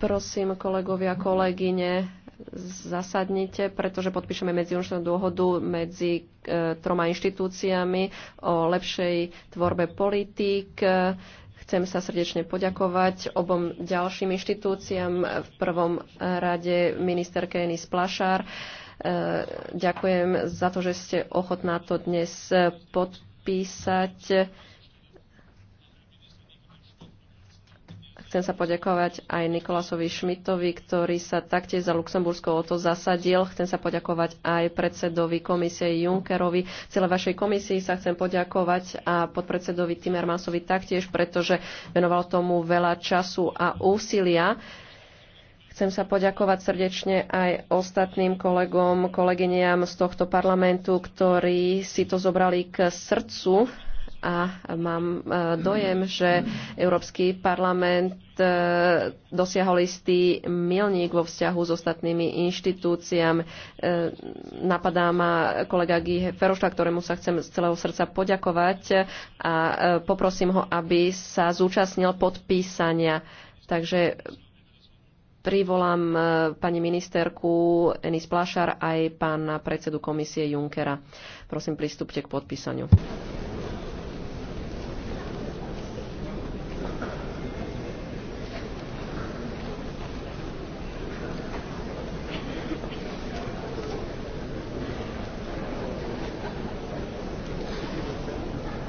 prosím kolegovia kolegyne zasadnite pretože podpíšeme medziinštitučnú dohodu medzi e, troma inštitúciami o lepšej tvorbe politík Chcem sa srdečne poďakovať obom ďalším inštitúciám, v prvom rade ministerke Enis Plašár. E, ďakujem za to, že ste ochotná to dnes podpísať. Chcem sa poďakovať aj Nikolasovi Šmitovi, ktorý sa taktiež za Luxembursko o to zasadil. Chcem sa poďakovať aj predsedovi komisie Junckerovi. Celé vašej komisii sa chcem poďakovať a podpredsedovi Timmermansovi taktiež, pretože venoval tomu veľa času a úsilia. Chcem sa poďakovať srdečne aj ostatným kolegom, kolegyniam z tohto parlamentu, ktorí si to zobrali k srdcu a mám e, dojem, že Európsky parlament e, dosiahol istý milník vo vzťahu s ostatnými inštitúciami. E, napadá ma kolega Guy Ferošla, ktorému sa chcem z celého srdca poďakovať a poprosím ho, aby sa zúčastnil podpísania. Takže privolám pani ministerku Enis Plašar aj pána predsedu komisie Junkera. Prosím, pristúpte k podpísaniu.